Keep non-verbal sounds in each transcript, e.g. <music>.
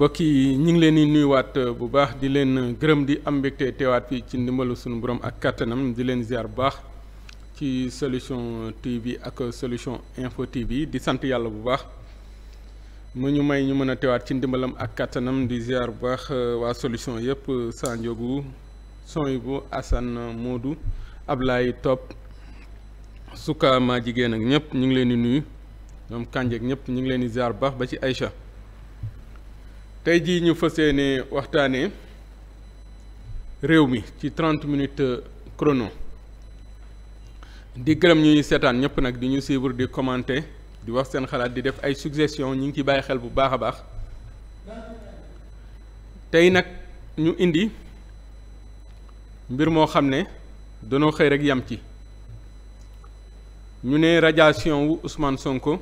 mbokk yi ñu ngi leen di nuyuwaat euh, bu baax di leen euh, gërëm di am mbégte teewaat fii ci ndimbalu suñu borom ak kattanam di leen ziar baax ci solution TV ak solution info TV di sant yàlla bu baax mu ñu may ñu mën a teewaat ci ndimbalam ak kattanam di ziar bu baax euh, waa solution yëpp Sanjogu Sonibu Assane Modou Ablaye Top Souka maa jigéen ak ñëpp ñu ngi leen di nuyu ñoom Kànj ak ñëpp ñu ngi leen di ziar bu baax ba ci Aïcha. tey jii ñu fas yéene waxtaanee réew mi ci trente minutes euh, crono di gërëm ñuy seetaan ñëpp nag di ñu suivre di commenter di wax seen xalaat di def ay suggestion ñu ngi ciy bàyyi xel bu baax a baax tey nag ñu indi mbir moo xam ne danoo xëy rek yam ci ñu ne radiation wu Ousmane Sonko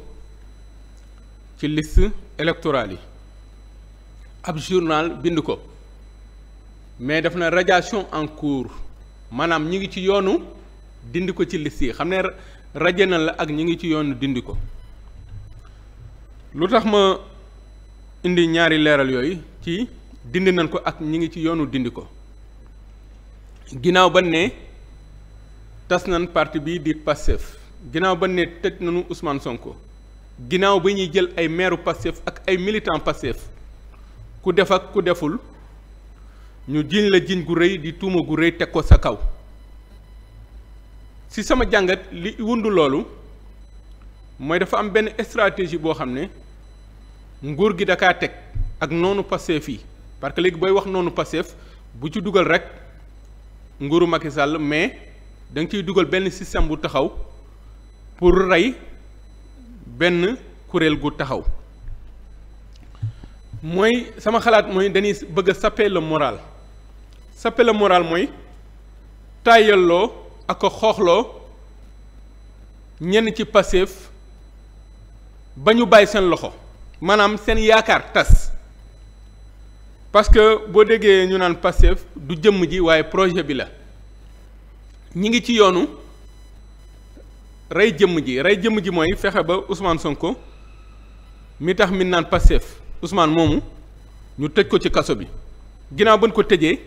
ci liste électorale yi ab journal bind ko mais daf na rajation en cours maanaam ñi ngi ci yoonu dindi ko ci liste yi xam ne raje na la ak ñi ngi ci yoonu dindi ko lu tax ma indi ñaari leeral yooyu ci dindi nañ ko ak ñi ngi ci yoonu dindi ko ginnaaw ba ne tas nañ parti bii di Pastef ginnaaw ba ne tëj nañu Ousmane Sonko ginnaaw ba ñuy jël ay maire Pastef ak ay militant Pastef ku def ak ku deful ñu jiiñ la jiiñ gu rëy di tuuma gu rëy teg ko sa kaw si sama jàngat li wundu loolu mooy dafa am benn stratégie boo xam ne nguur gi da teg ak noonu Pastef yi parce que léegi booy wax noonu Pastef bu ci dugal rek nguuru Macky Sall mais da nga ciy dugal benn système bu taxaw pour rey benn kuréel gu taxaw mooy sama xalaat mooy dañuy bëgg a saper le moral saper le moral mooy tàyyalloo ak xooxloo ñenn ci Pastef ba ñu bàyyi seen loxo maanaam seen yaakaar tas parce que boo déggee ñu naan Pastef du jëmm ji waaye projet bi la ñi ngi ci yoonu rey jëmm ji rey jëmm ji mooy fexe ba Ousmane Sonko mi tax mi naan Pastef Ousmane moomu ñu tëj ko ci kaso bi ginnaaw bañ ko tëjee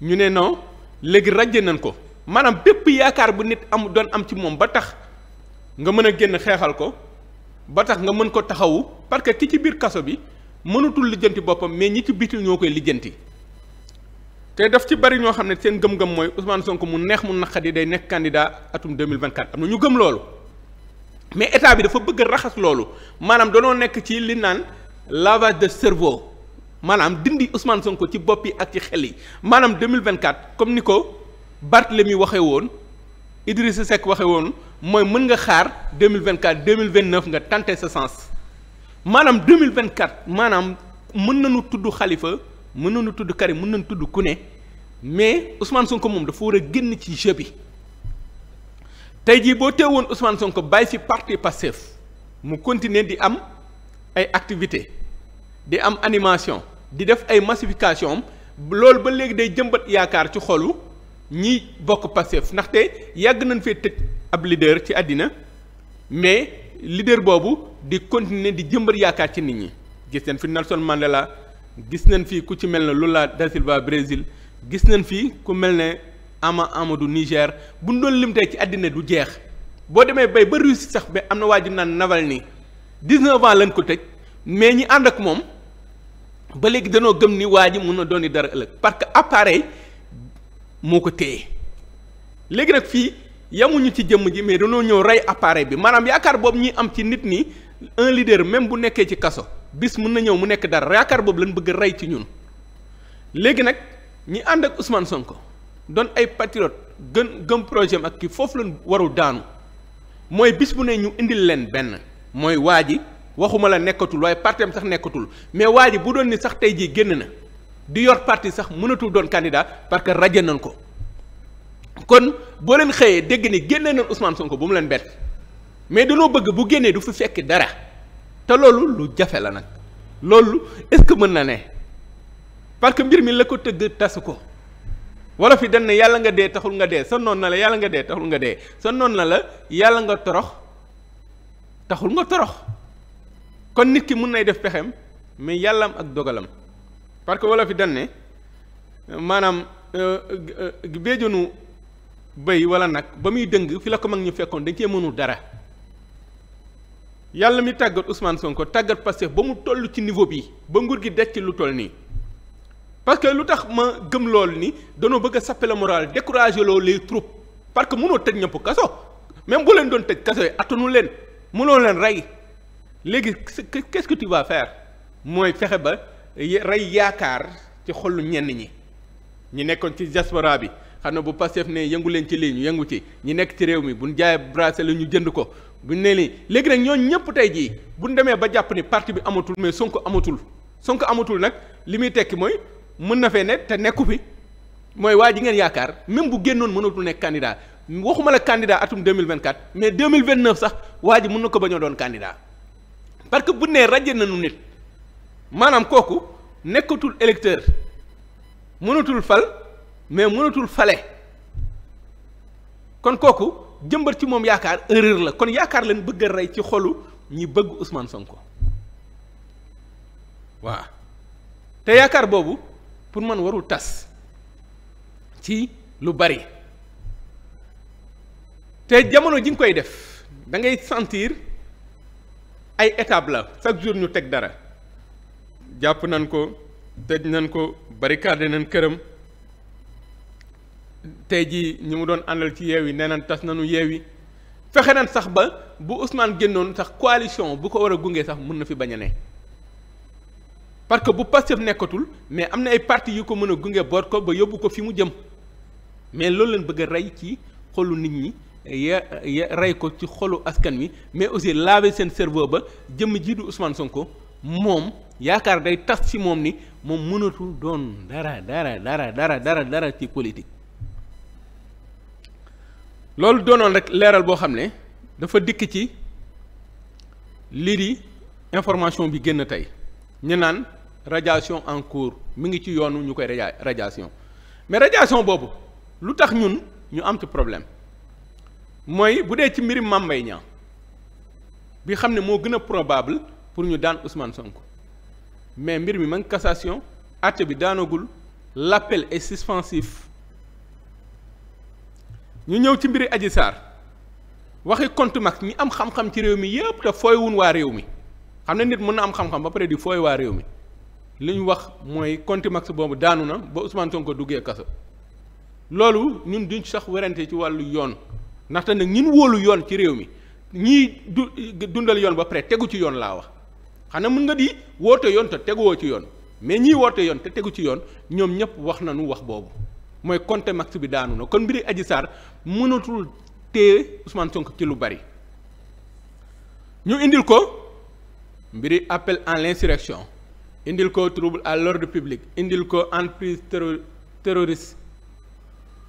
ñu ne naw léegi ràjje nañ ko maanaam bépp yaakaar bu nit am doon am ci moom ba tax nga mën a génn xeexal ko ba tax nga mën ko taxawu parce que ki ci biir kaso bi mënatul lijjanti boppam mais ñi ci biti ñoo koy lijjanti te daf ci bari ñoo xam ne seen gëm-gëm mooy usmaan Sonko mu neex mu naqadi day nekk candidat atum 2024 am na ñu gëm loolu mais état bi dafa bëgg raxas loolu maanaam danoo nekk ci li naan lavage de cerveau maanaam dindi Ousmane Sonko ci bopp yi ak ci xel yi maanaam 2024 comme ni ko Barthélemy waxee woon Idrissa Seck waxee woon mooy mën nga xaar 2024 2029 nga tenté sa sens maanaam 2024 maanaam mën na nu tudd xalifa mën nu tudd Karim mën nañu tudd ku ne mais Ousmane ko moom dafa war a génn ci jeu bi tey jii boo teewoon Ousmane Sonko bàyyi fi parti Pastef mu continuer di am ay activités. di am animation di def ay massification loolu ba léegi day jëmbat yaakaar ci xolu ñi bokk Pastef ndaxte yàgg nañ fee tëj ab leader ci àddina mais leader boobu di continuer di jëmbat yaakaar ci nit ñi gis nañ fi Nelson Mandela gis nañ fi ku ci mel ne Lula da Silva Brésil gis nañ fi ku mel ne Ama Amadou Niger bu ñu doon limtee ci àddina du jeex boo demee bay ba Russie sax ba am na waa ji naan Navalny 19 ans lañ ko tëj mais ñi ànd ak moom. ba léegi danoo gëm ni waa ji mun na doon dara ëllëg parce que appareil moo ko téye léegi nag fii yamuñu ci jëmm ji mais danoo ñëw rey appareil bi maanaam yaakaar boobu ñuy am ci nit ñi un leader même bu nekkee ci kaso bis mun na ñëw mu nekk dara yaakaar boobu lañ bëgg rey ci ñun léegi nag ñi ànd ak Ousmane Sonko doon ay patriote gën gëm projet am ak kii foofu lañ warul daanu mooy bis bu ne ñu indil leen benn mooy waa ji waxuma la nekkatul waaye partem sax nekkatul mais waa ji bu doon ni sax tey jii génn na di yor parti sax mënatul doon candidat parce que raje nañ ko kon boo leen xëyee dégg ni génne nañ Ousmane Sonko bu mu leen bett mais dañoo bëgg bu génnee du fi fekk dara te loolu lu jafe la nag loolu est-ce que mën na ne parce que mbir mi la ko tëgg tasu ko wala fi dañ na yàlla nga dee taxul nga dee sa noon na la yàlla nga dee taxul nga dee sa noon na la yàlla nga torox taxul nga torox kon nit ki mun nay def pexem mais yàllam ak dogalam parce que wala fi dan ne maanaam euh, euh, béjonu béy wala nag ba muy dëng fi la ko mag ñu fekkoon dañ kee mënul dara yàlla mi tàggat Ousmane Sonko tàggat Pastef ba mu toll ci niveau bi ba nguur gi ci lu toll nii parce que lu tax ma gëm lool ni danoo bëgg a sappe la moral découragé loo les troupes parce que mënoo tëj ñëpp kaso même boo leen doon tëj kaso yi attanu leen mënoo leen rey léegi qu'est-ce que tu mooy fexe ba rey yaakaar ci xolu ñenn ñi ñi nekkoon ci diaspora bi xam ne bu Pastef ne yëngu leen ci lii ñu yëngu ci ñi nekk ci réew mi bu ñu jaayee bracelet ñu jënd ko bu ñu nee lii léegi nag ñooñu ñëpp tey jii bu ñu demee ba jàpp ni parti bi amatul mais Sonko amatul Sonko amatul nag li muy tekki mooy mën na fee ne te nekku fi mooy waa ji ngeen yaakaar même bu génnoon mënatul nekk candidat waxuma la candidat atum 2024 mais 2029 sax waa ji mën na ko ba a doon candidat. parce que bu nee rajje nañu nit maanaam kooku nekkatul électeur mënatul fal mais mënatul fale kon kooku jëmbat ci moom yaakaar erreur la kon yaakaar leen bëgg rey ci xolu ñi bëgg son ko waaw te yaakaar boobu pour man warul tas ci lu bari te jamono ji nga koy def da ngay sentir. ay étape la chaque jour ñu teg dara jàpp nañ ko tëj nañ ko barricade nañ këram tey jii ñu mu doon àndal ci yeew yi nee nañ tas nañu yeew yi fexe nan sax ba bu Ousmane génnoon sax coalition bu ko war a gunge sax mën na fi bañ a ne parce que bu Pastef nekkatul mais am na ay parti yu ko mën a gunge boot ko ba yóbbu ko fi mu jëm mais loolu leen bëgg rey ci xolu nit ñi ya ya rey ko ci xolu askan wi mais aussi laver seen cerveau ba jëmm jii du Ousmane ko moom yaakaar day tas ci moom ni moom mënatul doon dara dara dara dara dara dara ci politique loolu doonoon rek leeral boo xam ne dafa dikk ci lii di information bi génn tey ñu naan radiation en cours mi ngi ci yoonu ñu koy raja radiation mais radiation boobu lu tax ñun ñu am ci problème mooy bu dee ci mbirim Mame Mbaye bi xam ne moo gën a probable pour ñu daan Ousmane Sonko mais mbir mi ma ngi cassation àtte bi daanagul l'appel est suspensif ñu ñëw ci mbiri Adji Sarr waxi compte max ñi am xam-xam ci réew mi yëpp te fooy wun waa réew mi xam ne nit mën na am xam-xam ba pare di fooy waa réew mi li ñu wax mooy compte max boobu daanu na ba Ousmane Sonko duggee kaso loolu ñun duñ sax werante ci wàllu yoon ndaxte nag ñun wóolu yoon ci réew mi ñii du dundal yoon ba pare tegu ci yoon laa wax xanaa mën nga di woote yoon te teguwoo ci yoon mais ñii woote yoon te tegu ci yoon ñoom ñëpp wax nañu wax boobu mooy compte max bi daanu na kon mbiri aji Sarr mënatul téye Ousmane Sonko ci lu bari ñu indil ko mbiri appel en l'insurrection indil ko trouble à l'ordre public indil ko en entreprise terroriste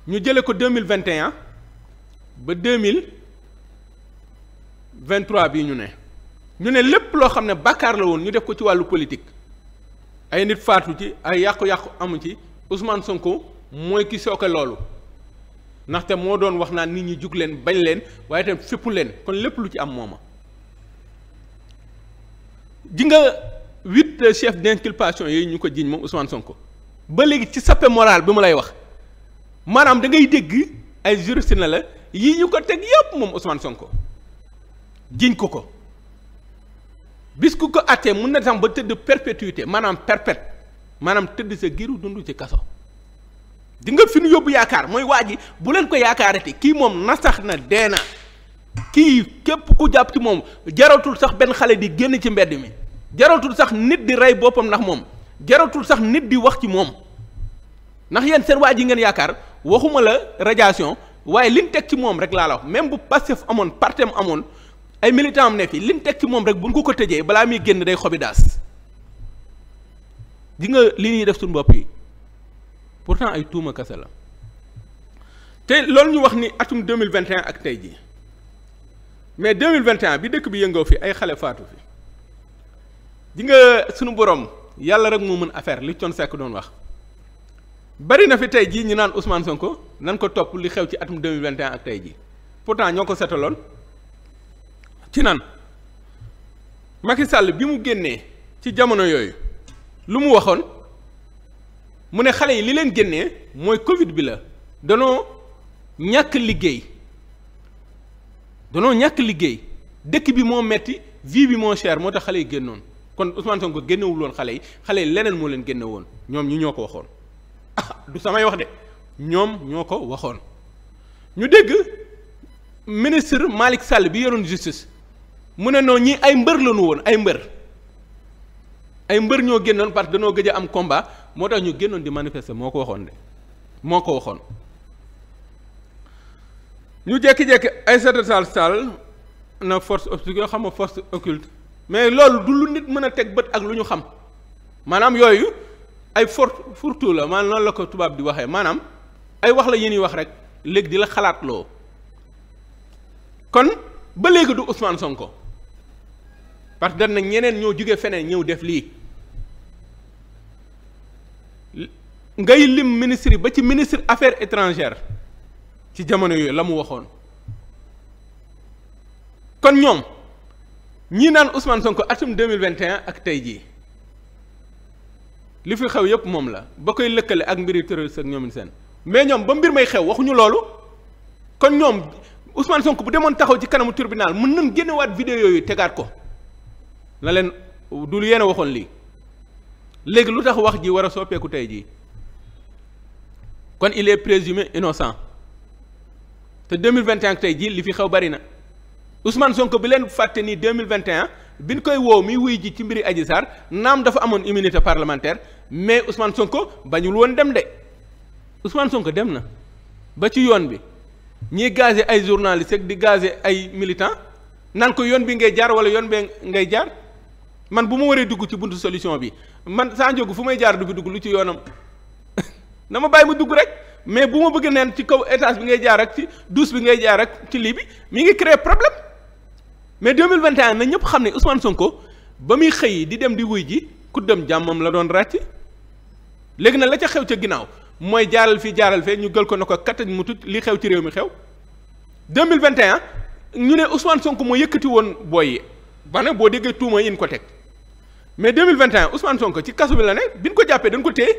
ñu jële ko 2021 ba deux mille vingt trois bii ñu ne ñu ne lépp loo xam ne bàkkaar la woon ñu def ko ci wàllu politique ay nit faatu ci ay yàqu-yàqu amu ci Ousmane Sonko mooy ki sooke loolu ndaxte moo doon wax naa nit ñi jug leen bañ leen waaye itam fépp leen kon lépp lu ci am mooma ji nga huit chefs d'inculpation yooyu ñu ko jiiñ moom Ousmane Sonko ba léegi ci sappe moral bi ma lay wax maanaam da ngay dégg ay juriste la. yi ñu ko teg yépp moom Ousmane Sonko jiñ ko ko bis ku ko attee mun na sax ba tëdd perpétuité maanaam perpète maanaam tëdd sa giru dund ci kaso di nga fi nu yóbbu yaakaar mooy waa ji bu leen ko yaakaarati kii moom na nasax na dee na kii képp ku jàpp ci moom jaratul sax benn xale di génn ci mbedd mi jaratul sax nit di rey boppam ndax moom jaratul sax nit di wax ci moom ndax yéen seen waa ji ngeen yaakaar waxuma la radiation waaye li liñ teg ci moom rek laa la wax même bu Pastef amoon partem amoon ay militant am ne li liñ teg ci moom rek buñ ko ko tëjee balaa muy génn day xobi daas di nga li ñuy def suñu bopp yi pourtant ay tuuma kese la te loolu ñu wax ni atum deux mille vingt et ak tey jii mais deux mille vingt et bi dëkk bi yëngoo fi ay xale faatu fi di nga suñu borom yàlla rek moo mën affaire li Thione Seck doon wax bari na fi tey jii ñu naan san ko nan ko topp li xew ci atum 2021 ak tey ji pourtant ñoo ko setaloon ci nan Macky sàll bi mu génnee ci jamono yooyu lu mu waxoon mu ne xale yi li leen génnee mooy Covid bi la danoo ñàkk liggéey danoo ñàkk liggéey dëkk bi moo metti vie bi moo cher moo tax xale yi génnoon kon Ousmane Sonko génnewul woon xale yi xale yi leneen moo leen génnewoon ñoom ñi ñoo ko waxoon ah, du samay wax de ñoom ñoo ko waxoon ñu dégg ministre Malick Sall bi yoroon justice mu ne noonu ñi ay mbër la woon ay mbër ay mbër ñoo génnoon parce que dañoo gëj a am combat moo tax ñu génnoon di manifester moo ko waxoon de moo ko waxoon ñu jékki-jékki Aïssata Tall Sall na force obscure xam nga force occulte mais loolu du lu nit mën a teg bët ak lu ñu xam maanaam yooyu ay fort furtu la maanaam loolu la ko tubaab di waxee maanaam ay wax la yéen yi wax rek léegi di la xalaatloo kon ba léegi du Ousmane Sonko parce que dañ nag ñeneen ñoo jóge feneen ñëw def lii ngay lim ministre yi ba ci ministre affaires étrangères ci jamono yooyu la mu waxoon kon ñoom ñii naan Ousmane Sonko atum deux mille vingt et ak tey jii li fi xew yépp moom la ba koy lëkkale ak mbiri terroriste ak ñoomin seen mais ñoom ba mbir may xew waxuñu loolu kon ñoom Ousmane Sonko bu demoon taxaw ci kanamu tribunal mën nañ génnewaat vidéo yooyu tegaat ko na leen du lu yéen a waxoon lii léegi lu tax wax ji war a soppeeku tey jii kon il est présumé innocent te 2021 tey jii li fi xew bari na Ousmane Sonko bi leen fàtte nii 2021 bi ñu koy woow mi wuy ji ci mbiri Adji Sarr naam dafa amoon immunité parlementaire mais Ousmane Sonko bañul woon dem de. Ousmane Sonko dem na ba ci yoon bi ñiy gaze ay journaliste ak di gazé ay militant naan ko yoon bi ngay jaar wala yoon bee ngay jaar man bu ma waree dugg ci buntu solution bi man saa njóogu fu may jaar du fi dugg lu ci yoonam <laughs> na ma bàyyi ma dugg rek mais bu ma bëgg neen ci kaw étage bi ngay jaar ak ci douche bi ngay jaar ak ci lii bi mi ngi créer problème mais 2021 na ñëpp xam ne Ousmane Sonko ba muy xëy di dem di wuy ji ku dem jàmmam la doon ràcc léegi nag la ca xew ca ginnaaw mooy jaaral fii jaaral fee ñu gël ko na ko kattan mu tut li xew ci réew mi xew 2021 ñu ne Ousmane sonk moo yëkkati woon booy yi ba ne boo déggee tuuma yin ko teg mais 2021 Ousmane sonk ci kaso bi la ne biñ ko jàppee dañ ko téye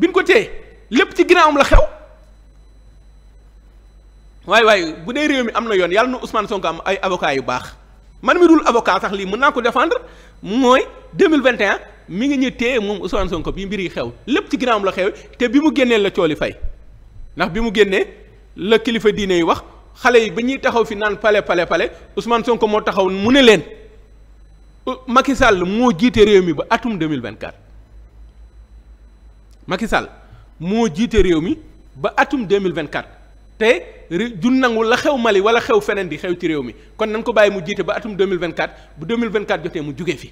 biñ ko téye lépp ci ginnaawam la xew waaye waaye bu dee réew mi am na yoon yàlla na Ousmane Sonko am ay avocat yu baax man mi dul avocat sax lii mën naa ko défendre mooy 2021 mi ngi ñu tee moom Ousmane Sonko bi mbir yi xew lépp ci am la xew te bi mu génnee la cooli fay ndax bi mu génnee la kilifa diine yi wax xale yi ba ñuy taxaw fi naan pale pale pale Ousmane Sonko moo taxaw mu ne leen Macky Sall moo jiite réew mi ba atum de Macky Sall moo jiite réew mi ba atum 2024 te ju nangu la xew Mali wala xew feneen di xew ci réew mi kon nañ ko bàyyi mu jiite ba atum 2024 bu 2024 jotee mu jugee fi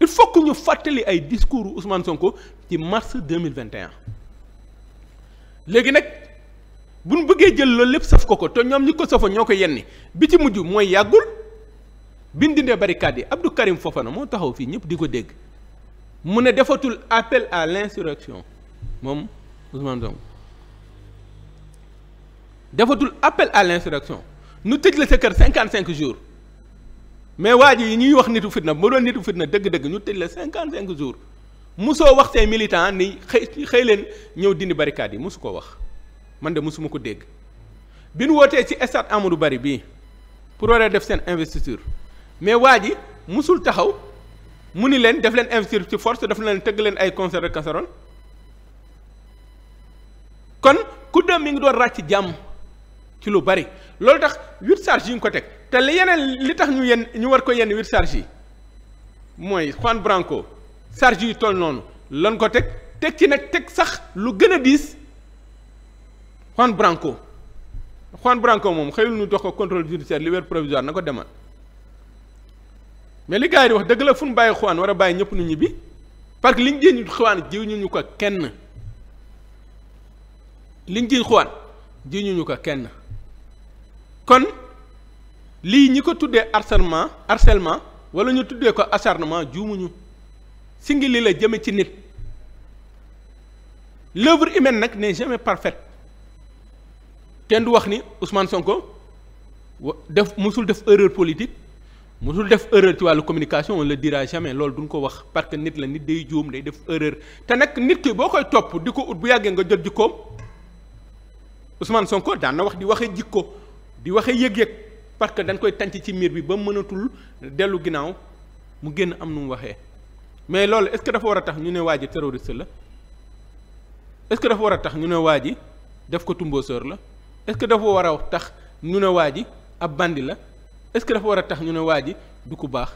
il faut que ñu fàttali ay discours Ousmane Sonko ci mars deux mille vingt et un léegi nag bu nu bëggee jël loolu lépp saf ko ko te ñoom ñi ko safa ñoo ko yenni bi ci mujj mooy yàggul bi ñu dindee barricade yi Abdou Karim Fofana moo taxaw fii ñëpp di ko dégg mu ne defatul appel à l'insurrection moom Ousmane Sonko defatul appel à l'insurrection nu tëj la sa kër cinquante cinq jours. mais waa ji yi ñuy wax nitu fitna ma doon nitu fitna dëgg-dëgg ñu tëj la cinquante cinq jours musoo wax say militant ni xëy xëy leen ñëw dindi barricade yi mosu ko wax man de musuma ko dégg bi nu wootee ci stade Amadou Barry bii pour war def seen investiture mais waa ji mosul taxaw mu ni leen def leen investir ci force daf leen tëgg leen ay concert de casserole kon ku dem mi ngi doon ràcc jàmm ci lu bari loolu tax huit charges yi ñu ko teg te li yeneen li tax ñu yenn ñu war ko yenn wir charge yi mooy Juan Branco charge yu toll noonu lan ko teg teg ci nag teg sax lu gën a diis Juan Branco Juan Branco moom xëyul ñu dox ko contrôle judiciaire liberté provisoire na ko demal mais li gars yi di wax dëgg la fu ñu bàyyi Juan war a bàyyi ñëpp nu ñibbi parce que liñ jéem Juan jiw ñu ko kenn liñ jéem Juan jiw ñu ko kenn kon. lii ñi ko tuddee harcèlement harcèlement wala ñu tuddee ko acharnement juumuñu singili la jëme ci nit l'œuvre humaine nag n'est jamais parfaite kenn du wax ni Ousmane Sonko def musul def erreur politique musul def erreur ci wàllu communication on le dira jamais loolu duñ ko wax parce que nit la nit day juum day def erreur te nag nit ki boo koy topp di ko ut bu yàggee nga jot jikkoom Ousmane Sonko daan wax di waxe jikko di waxe yëg-yëg parce que dañ koy tànc ci miir bi ba mënatul dellu ginnaaw mu génn am nu mu waxee mais loolu est-ce que dafa war a tax ñu ne waa ji terroriste la est-ce que dafa war a tax ñu ne waa ji def ko tumboseur la est-ce que dafa war a tax ñu ne waa ji ab bandi la est-ce que dafa war a tax ñu ne waa ji du ku baax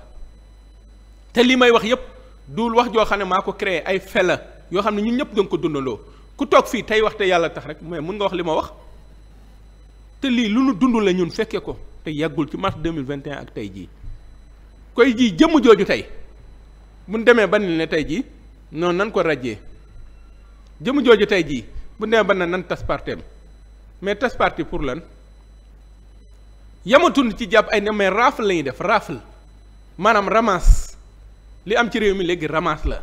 te li may wax yépp duul wax joo xam ne maa ko créé ay fel la yoo xam ne ñun ñëpp doon ko dundaloo ku toog fii tey wax te yàlla tax rek mais mun nga wax li ma wax te lii lu nu dund la ñun fekkee ko. te yàggul ci mars 2021 ak tey jii koy jii jëmm jooju tey buñ demee ba ne tey jii noonu nan ko rajee jëmm jooju tey jii bu demee ba ne nan tas parteem mais tasparti pour lan yamatun ci jàpp ay ne mais rafle la def rafle maanaam ramasse li am ci réew mi léegi ramasse la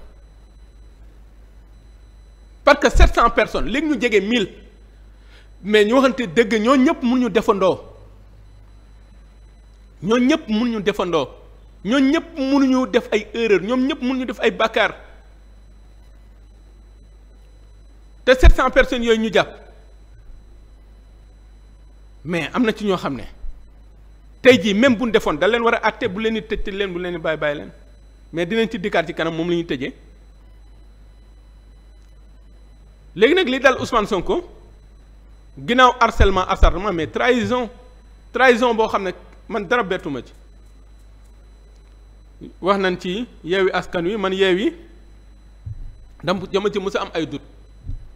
parce que 700 personnes léegi ñu jege 1000 mais ñu waxante dëgg ñoo ñëpp mun ñu defandoo ñoom ñëpp mënuñu defandoo ñoom ñëpp mënuñu def ay erreur ñoom ñëpp mënuñu def ay bàkkaar te 700 personnes yooyu ñu jàpp mais am na ci ñoo xam ne tey jii même bu ñu defoon da leen war a àtte bu leen di tëj tëj leen bu leen di bàyyi bàyyi leen mais dinañ ci dikkaat ci kanam moom la ñuy tëjee léegi nag li dal Ousmane Sonko ginnaaw harcèlement acharnement mais trahison trahison boo xam ne. man dara bettuma ci wax nañ ci yeewi askan wi man yeewi dam dama ci mës am ay doute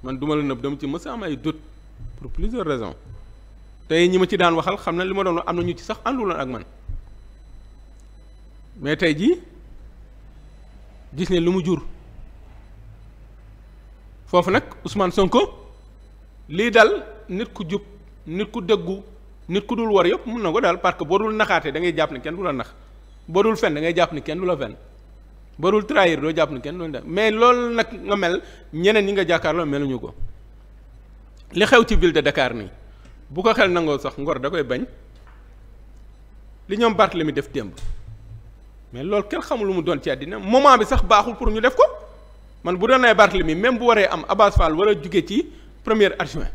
man duma la nëb dama ci mës am ay doute pour plusieurs raisons tey ñi ma ci daan waxal xam na li ma doon am na ñu ci sax ànduloon ak man mais tey jii gis ne lu mu jur foofu nag Ousmane Sonko lii dal nit ku jub nit ku dëggu nit ku dul war yëpp mun na ko daal parce que boo dul naxaatee da ngay jàpp ne kenn du la nax boo dul fen da ngay jàpp ne kenn du la fen boo dul trahir doo jàpp ne kenn du la mais loolu nag nga mel ñeneen ñi nga jàkkaarloo meluñu ko li xew ci ville de Dakar nii bu ko xel nangoo sax ngor da koy bañ li ñoom Barthélemy def démb mais loolu kenn xamul lu mu doon ci àddina moment bi sax baaxul pour ñu def ko man bu doon ay mi même bu waree am Abass Fall war a jóge ci premier adjoint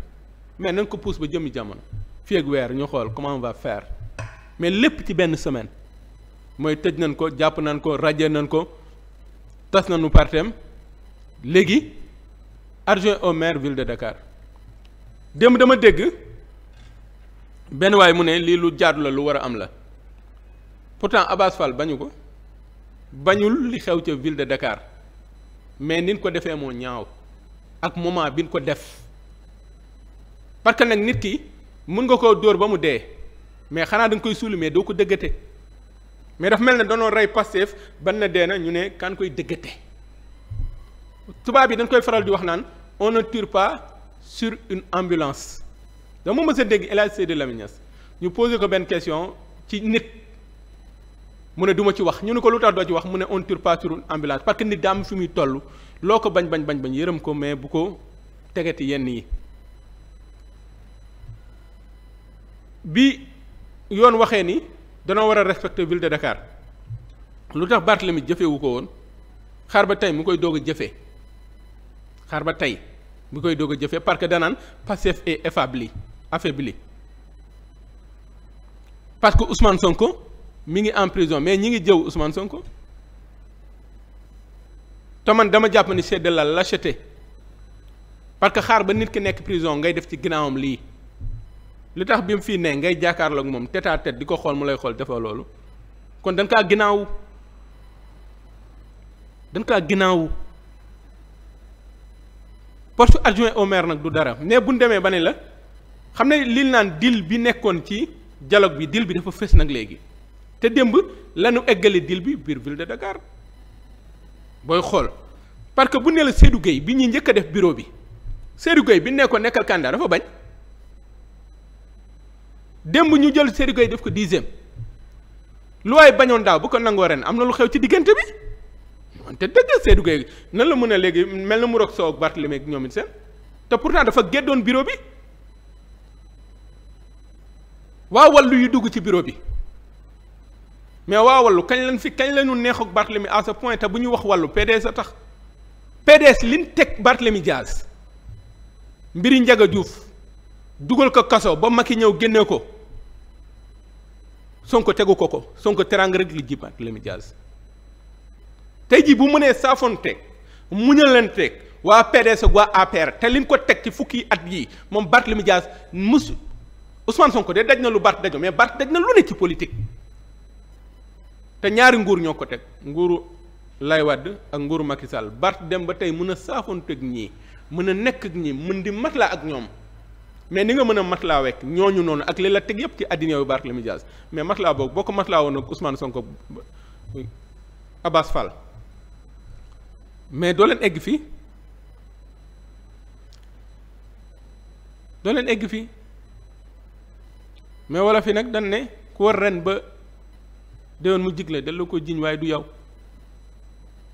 mais nañ ko pousse ba jëmmi jamono. fii weer ñu xool comment va faire mais lépp ci benn semaine mooy tëj nañ ko jàpp nañ ko radié nañ ko tas nañu partem léegi adjoint au maire ville de Dakar démb dama dégg benn waay mu ne lii lu jaadu la lu war a am la pourtant Abass Fall bañu ko bañul li xew ca ville de Dakar mais nin ko defee moo ñaaw ak moment bin ko def parce que nag nit ki. mun nga koo dóor ba mu dee mais xanaa danga koy suuli mais doo ko dëggate mais dafa mel ne danoo rey Pastef ban na dee na ñu ne kan koy dëggate tubaab yi dañ koy faral di wax naan on ne tire pas sur une ambulance dama mës a dégg El Hadj Seydou Lamine Niass ñu posé ko benn question ci nit mu ne du ma ci wax ñu ne ko lu tax doo ci wax mu ne on tire pas sur une ambulance parce que nit daa am fi muy toll loo ko bañ bañ bañ bañ yërëm ko mais bu ko tegeti yenn yi. bi yoon waxee ni danoo war a respecter ville de Dakar lu tax mi jëfewu ko woon xaar ba tey mu koy doog a jëfee xaar ba tey mu koy doog a jëfee parce que danaan Pastef est affaibli affaibli parce que Ousmane Sonko mi ngi en prison mais ñi ngi jëw Ousmane Sonko te man dama jàpp ni c'est de la lâcheté parce que xaar ba nit ki nekk prison ngay def ci ginnaawam lii. li tax bi mu fii nee ngay jàkkaarloog moom tête à di ko xool mu lay xool defoo loolu kon dañ kaa ginnaawu dañ kaa ginnaawu poste adjoint au maire nag du dara mais bu ñu demee ba ne la xam ne li naan dil bi nekkoon ci dialogue bi dil bi dafa fës nag léegi te démb lañu eggali dil bi biir ville de Dakar booy xool parce que bu ne la Seydou Gueye bi ñuy njëkk a def bureau bi Seydou Gueye bi nekkoon nekkal candidat dafa bañ. démb ñu jël Sédhiou Gueye def ko dixième lu waay bañoon daaw bu ko nangoo ren am na lu xew ci diggante bi wante dëgg Sédhiou Gueye nan la mën a léegi mel na mu rog soo ak Barthélemy ak ñoom it seen te pour pourtant dafa géddoon bureau bi waa wallu yu dugg ci bureau bi mais waa wallu kañ lañ fi kañ lañu neex ak Barthélemy à ce point te bu ñu wax wallu PDS a tax PDS liñ teg Barthélemy Dias mbiri Ndiaga juuf dugal ko kaso ba Macky ñëw génne ko Sonko tegu ko ko Sonko teraanga rek li jib ak Barthélémy Dias tey jii bu mënee mu leen muñalanteeg waa PDS ak waa APR te liñ ko teg ci fukki at yi moom Barthélémy Dias mus Ousmane Sonko de daj na lu Barth dajoo mais Barth daj na lu ne ci politique te ñaari nguur ñoo ko teg nguuru Lay Wade ak nguuru Macky Sall Barth dem ba tey mën a saafonteeg ñii mën a nekk ñi ñii mën di matlaa ak ñoom. mais ni nga mën a matlaa wekk ñooñu noonu ak li la teg yëpp ci addina yu la Dias mais matlaa boobu boo ko matlaa woon ak Ousmane Sonko Abass Fall mais doo leen egg fi doo egg fii mais wala fi nag dañ ne ku war ren ba déwén mu jigle dal la ko jiñ waaye du yow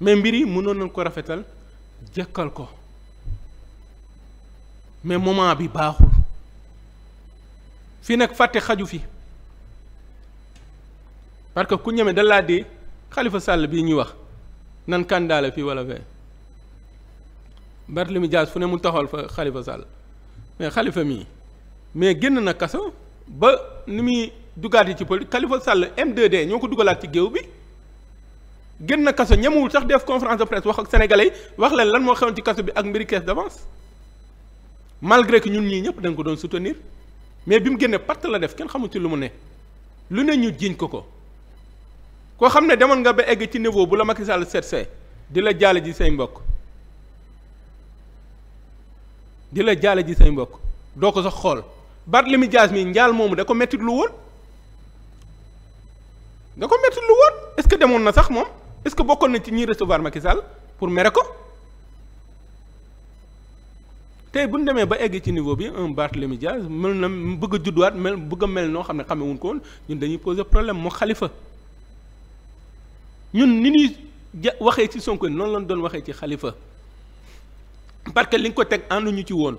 mais mbir yi mënoon nañ ko rafetal jëkkal ko mais moment bi baaxul fii nag fàtte xaju fi parce que ku ñeme da laa Xalifa Sàll bii ñuy wax nan kàndaale fii wala fee Barthélemy Dias fu ne mu taxawal fa Xalifa Sàll mais Xalifa mii mais génn na kaso ba ni muy dugaati ci poli Xalifa Sàll m ñoo ko dugalaat ci géew bi génn na kaso ñemewul sax def conférence de presse wax ak sénégalais wax leen lan moo xewoon ci kaso bi ak mbiri caisse d'avance malgré ki ñun ñii ñëpp dañ ko doon soutenir mais bi mu génnee part la def kenn xamu ci lu mu ne lu ne ñu jiiñ ko ko koo xam ne demoon nga ba egg ci niveau bu la Macky Sall say di la jaale ji say mbokk di la jaale ji say mbokk doo ko sax xool Barthélémy Dias mi jaas njaal moomu da ko mettit lu woon da ko mettit lu woon est-ce demoon na sax moom est-ce que bokkoon na ci ñiy recevoir Macky Sall pour mere ko tey bu ñu demee ba egg ci niveau bi un Barthélemy Dias mel na bëgg a judduwaat mel bëgg a mel noo xam ne xamee wuñ ko woon ñun dañuy poser problème mu xalifa ñun ni ñuy ja waxee ci Sonko noonu lañ doon waxee ci xalifa parce que li nga ko teg ànduñu ci woon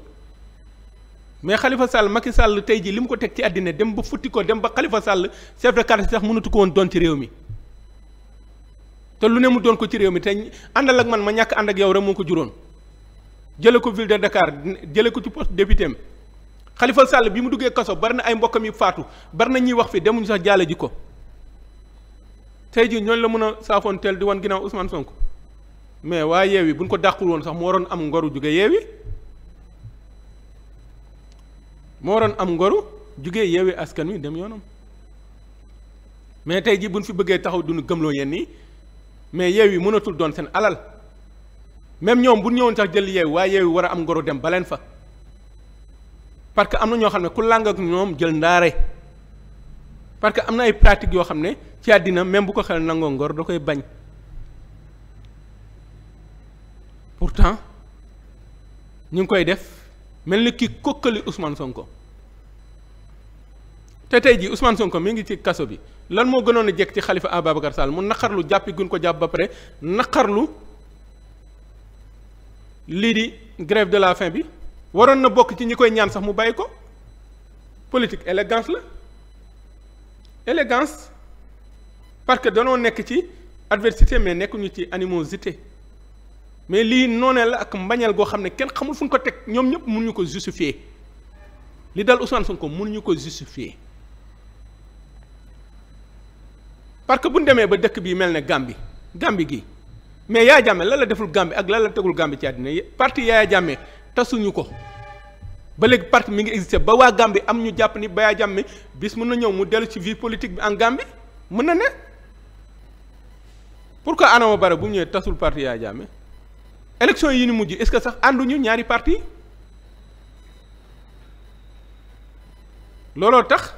mais xalifa sàll Macky sàll tey jii li mu ko teg ci àddina dem ba futti ko dem ba Khalifa sàll chef de quartier sax mënatu ko woon doon ci réew mi te lu ne mu doon ko ci réew mi te àndal ak man ma ñàkk ànd ak yow rek moo ko juróon. jële ko ville de Dakar jële ko ci poste député am Khalifa Sall bi mu duggee kaso bari na ay mbokkam yu faatu bari na ñuy wax fi demuñu sax jaale ji ko tey ji ñooñu la mën a saafoon teel di wan ginnaaw Ousmane Sonko mais waa yeewi buñ ko dàqul woon sax moo waroon am ngoru jóge yeewi waroon am ngoru jóge yeewi askan wi dem yoonam mais tey jii buñ fi bëggee taxaw du duñu gëmloo yenn yi mais yi mënatul doon seen alal même ñoom bu ñëwoon sax jël yeewu waaye yeewu war a am ngoro dem baleen fa parce que am na ñoo xam ne ku làng ak ñoom jël ndaare parce que am na ay pratique yoo xam ne ci àddina même bu ko xel nangoo ngor da koy bañ pourtant ñu ngi koy def mel ni ki kokkali Ousmane Sonko te tey jii Ousmane Sonko mi ngi ci kaso bi lan moo gënoon a jekk ci Khalifa Ababacar Sall mu naqarlu jàppi guñ ko jàpp ba pare naqarlu lii di grève de la faim bi waroon na bokk ci ñi koy ñaan sax mu bàyyi ko politique élégance la élégance parce que danoo nekk ci adversité mais nekkuñu ci animosité mais lii noonee la ak mbañal goo xam ne kenn xamul fu ñu ko teg ñoom ñëpp mënuñu ko justifier li dal Ousmane Sonko mënuñu ko justifier parce que bu ñu demee ba dëkk bii mel na Gambie Gambie gi mais yaa Jammeh lan la deful Gambie ak lan la tegul Gambie ci àddina parti Yaya Jammeh tasuñu ko ba léegi parti mi ngi existé ba waa Gambie am ñu jàpp ni ba Yaya Jammeh bis mën na ñëw mu dellu ci vie politique bi en Gambie mën na ne pourquoi Adama Barrow bu ñëwee tasul parti Yaya Jammeh élection yi ni mujj est-ce que sax ànduñu ñaari parti looloo tax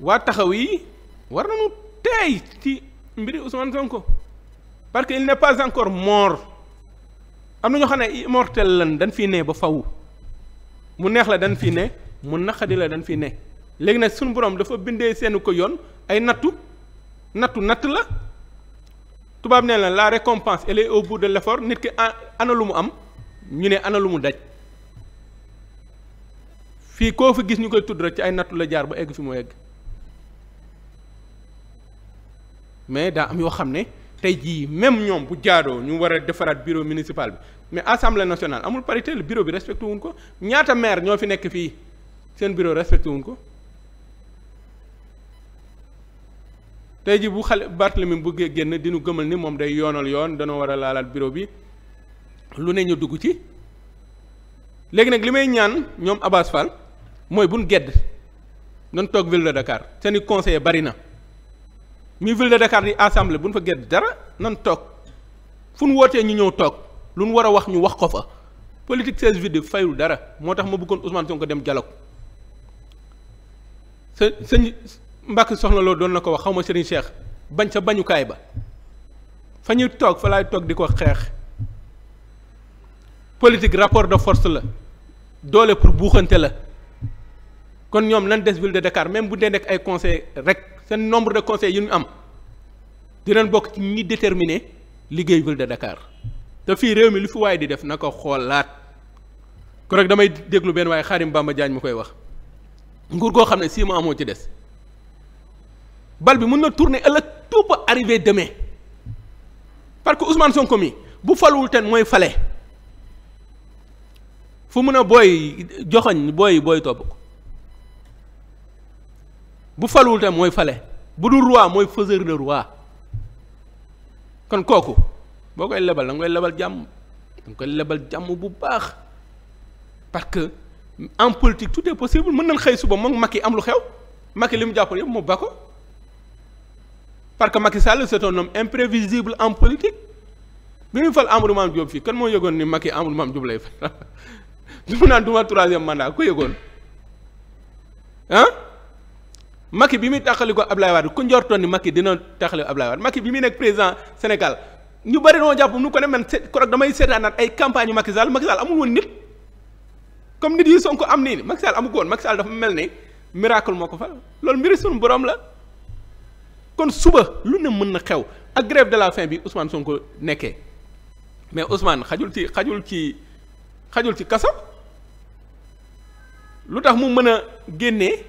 waa taxaw yi war nañu teey ci mbiri Ousmane ko parce que il n'est pas encore moor am na ñoo xam ne immortel lan dan fi ne ba faw mu neex la dañ fi ne mu naqadi la dañ fi ne léegi nag suñu borom dafa bindee seen ko yoon ay nattu nattu natt la tubaab nee na la récompense elle est au bout de l'effort nit ki ana lu mu am ñu ne ana lu mu daj fii koo fi gis ñu koy tudd rek ci ay nattu la jaar ba egg fi mu egg mais daa am yoo xam ne tey jii même ñoom bu jaadoo ñu war a defaraat bureau municipal bi mais assemblée nationale amul parité le bureau bi respecté wuñ ko ñaata meer ñoo fi nekk fii seen bureau respecté wuñ ko tey jii bu xale Barthélemy bu génn di gëmal ni moom day yoonal yoon danoo war a laalaat bureau bi lu ne ñu dugg ci léegi nag li may ñaan ñoom Abass mooy buñ gedd doon toog ville de Dakar seeni conseiller bari na mi ville de Dakar di assemblée bu ñu fa gedd dara nan toog fu nu wootee ñu ñëw toog lu nu war a wax ñu wax ko fa politique seize vide fayul dara moo tax ma buggoon bëggoon Ousmane Sonko dem jaloo sa sëñ Mbàkke soxna doon na ko wax xaw ma Serigne Cheikh bañ sa bañukaay ba fa ñuy toog fa laay toog di ko xeex politique rapport de force la doole pour buuxante la kon ñoom nan des ville de Dakar même bu dee nekk ay conseil rek seen nombre de conseils yu ñu am dinañ bokk ci ñi déterminer liggéey ville de Dakar te fii réew mi lu fi waaye di def na ko xoolaat ko rek damay déglu benn waaye Xarim Bamba Diagne mu koy wax nguur goo xam ne six mois amoo ci des bal bi mun na tourner ëllëg tout peut arriver demain parce que Ousmane Sonko mi bu faluwul ten mooy fale fu mun a booy joxoñ booy booy topp bu faluwul tam mooy fale bu dul roi mooy faiseur de roi kon kooku boo koy lebal da nga koy lebal jàmm da nga koy lebal jàmm bu baax parce que en politique tout est possible mën nañ xëy suba moom yi am lu xew Macky li mu jàppoon yëpp mu ba ko parce que Macky Sall c'est un homme imprévisible en politique bi muy fal Amadou Mame Diop fii kan moo yëgoon ni mag yi Mame Diop lay fal <laughs> du mu naan du ma troisième mandat ku yëgoon Macky bi muy taxali ko Ablaye Wade ku njortoon ni Macky dina taxali ko Ablaye Wade Macky bi muy nekk président Sénégal ñu bari noo jàpp nu ko ne man korog damay seetaanaat ay campagne yu Macky Sall Macky Sall comme nit yi Sonko am ni Macky Sall amu woon Macky Sall dafa mel ni miracle moo ko fal loolu mbiri sunu borom la suba lu ne mën na xew ak grève la faim bi Ousmane Sonko nekkee mais Ousmane xajul ci xajul ci xajul ci kaso lu tax mu mën a génnee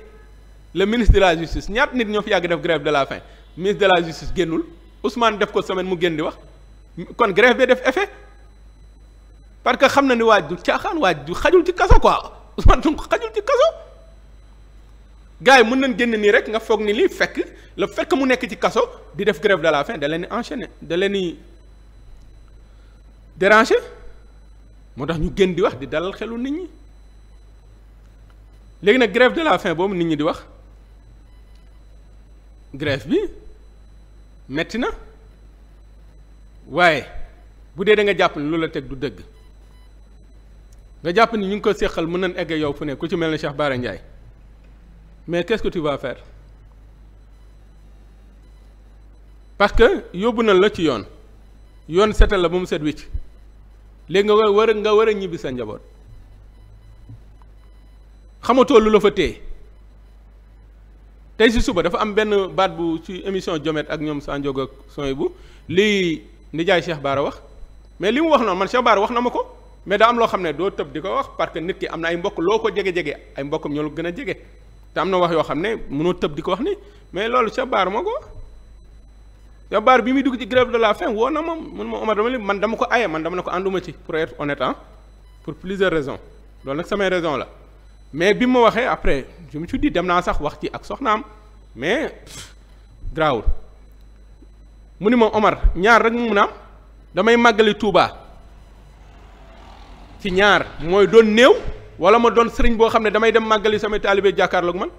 le ministre de la justice ñaat nit ñoo fi yàgg def grève de la faim ministre de la justice génnul Ousmane def ko semaine mu génn di wax kon grève bi def effet parce que xam na ni waaj du caaxaan waaj du xajul ci kaso quoi Ousmane Sonko xajul ci kaso gars yi mën nañ génn nii rek nga foog ni lii fekk le fekk mu nekk ci kaso di def grève de la faim da leen enchaîner da leen déranger moo tax ñu génn di wax di dalal xelu nit ñi léegi nag grève de la faim boobu nit ñi di wax grève bi metti na waaye bu dee danga jàpp ne lu la teg du dëgg nga jàpp ni ñu ngi ko séqal mën nañ egg yow fu ne ku ci mel ne seex Bara Ndiaye mais qu'est-ce que tu parce que yóbbu na la ci yoon yoon setal la ba mu set wicc léegi nga war a nga war a ñibbi sa njaboot xamatoo lu la fa téye tey si suba dafa am benn baat bu ci émission Jomet ak ñoom Sandiog ak Soy bu lii nijaay baar Baara wax mais li mu wax noonu man Cheikh baar wax na ma ko mais daa loo xam ne doo di ko wax parce que nit ki am na ay mbokk loo ko jege jege ay mbokkam gën a jege na wax yoo xam ne mënoo tëb di ko wax ni mais loolu Cheikh Baara ma ko wax baar bi muy dugg ci grève de la fin woo na ma mun ma Omar ma li man dama ko aye man dama ne ko ànduma ci pour être honnête pour plusieurs raisons loolu nag samay raison la mais bi ma waxee après je me suis dem naa sax wax ci ak soxnaam mais grawul mu ni ma Omar ñaar rek mu mun damay màggali Touba ci ñaar mooy doon néew wala ma doon sëriñ boo xam ne damay dem màggali samay taalibe jàkkaarloog man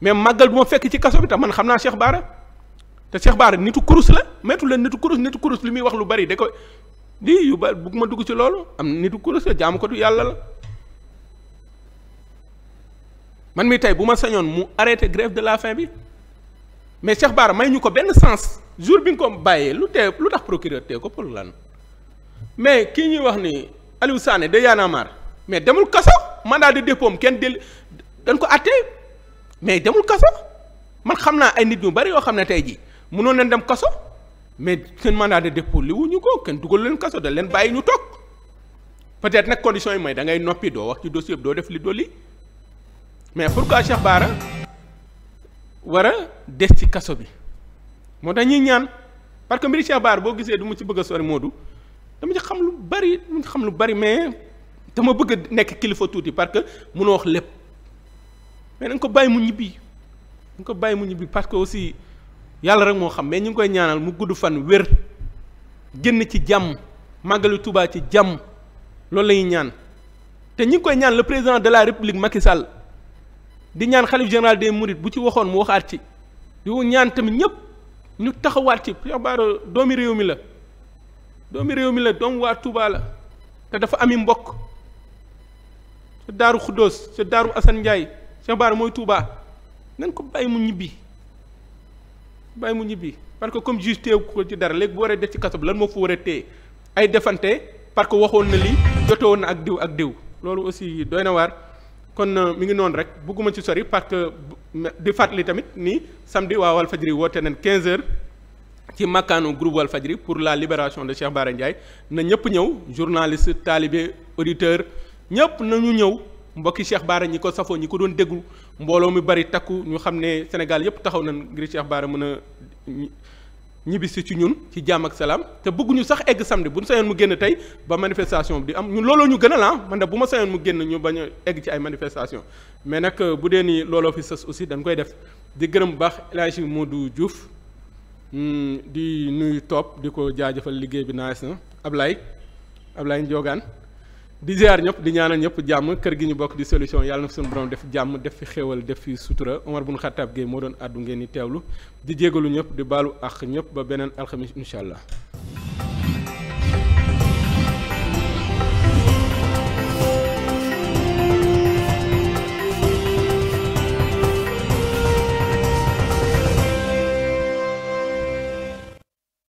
mais màggal bu ma fekk ci kaso bi tax man xam naa Cheikh Baara te Cheikh Baara nitu kurus la mettu leen nitu kurus nitu kurus li muy wax lu bari da ko lii yu ba bëgg ma dugg ci loolu am nitu kurus la jaamu ko du yàlla la. man mi tey bu ma sañoon mu arrêté grève de la faim bi mais Cheikh Bara may ñu ko benn sens jour bi nga ko bàyyee lu tee lu tax procureur tee ko pour lan mais kii ñuy wax ni Aliou Sané de Y'en mais demul kaso mandat de dépôt kenn del dañ ko àtte mais demul kaso man xam naa ay nit ñu bari yoo xam ne tey jii mënoon leen dem kaso mais seen mandat de dépôt li wuñu ko kenn dugal leen kaso da leen bàyyi ñu toog peut-être nag conditions yi mooy da ngay noppi doo wax ci dossier bi doo def li doli mais pourquoi Cheikh Bara war a des ci kaso bi moo tax ñaan parce que mbiri Cheikh boo gisee du mu ci bëgg a sori Moodu dama ci xam lu bari dama ci xam lu bari mais dama bëgg nekk kilifa tuuti parce que mënoo wax lépp mais nañ ko bàyyi mu ñibbi nañ ko bàyyi mu ñibbi parce que aussi yàlla rek moo xam mais ñu ngi koy ñaanal mu gudd fan wér génn ci jàmm màggalu Tuubaa ci jàmm loolu la ñaan te ñu ngi koy ñaan le président de la république Macky Sall di ñaan xalif général de mourides bu ci waxoon mu waxaat ci di ñaan tamit ñëpp ñu taxawaat ci Cheikh Bara doomi réew mi la doomi réew mi la doom waa Touba la te dafa ami mbokk ca Daaru Xuddoos ca Daaru Assane Ndiaye Cheikh Bara mooy Touba nañ ko bàyyi mu ñibbi bàyyi mu ñibbi parce que comme juge téew ko ci dara léegi bu waree def ci kaso bi lan moo fa war a téye ay defante parce que waxoon na lii jotewoon na ak diw ak diw loolu aussi doy na waar. kon euh, mi ngi noonu rek bëgguma ci sori parce que di fàttali tamit ni samedi waa Walfadjri woote nañ quinze heures ci makkaanu groupe Walfadjri pour la libération de Cheikh Bara Ndiaye na ñëpp ñëw journaliste talibé auditeur ñëpp ñu ñëw mbokki Cheikh Bara ñi ko safoo ñi ko doon déglu mbooloo mi bari takku ñu xam ne Sénégal yëpp taxaw nañ ngir Cheikh Bara mën a ñibbisi ci ñun ci jàmm ak salaam te bëgguñu sax egg samedi bu ñu sañoon mu génn tey ba manifestation bi di am ñun looloo ñu gën a ah la man de bu ma sañoon mu génn ñu bañ a egg ci ay manifestation mais nag euh, bu dee nii looloo fi sës aussi dañ koy def di gërëm bu baax El mu du Diouf hmm, di ñuy topp di ko jaajëfal liggéey bi naaj na Ablaye Ablaye Ndiogaan di ziar ñëpp di ñaanal ñëpp jàmm kër gi ñu bokk di solution yàlla na suñu borom def jàmm def fi xéewal def fi sutura Omar bun Xattaab Gueye moo doon àddu ngeen ni teewlu di jégalu ñëpp di baalu àq ñëpp ba beneen alxamis incha allah.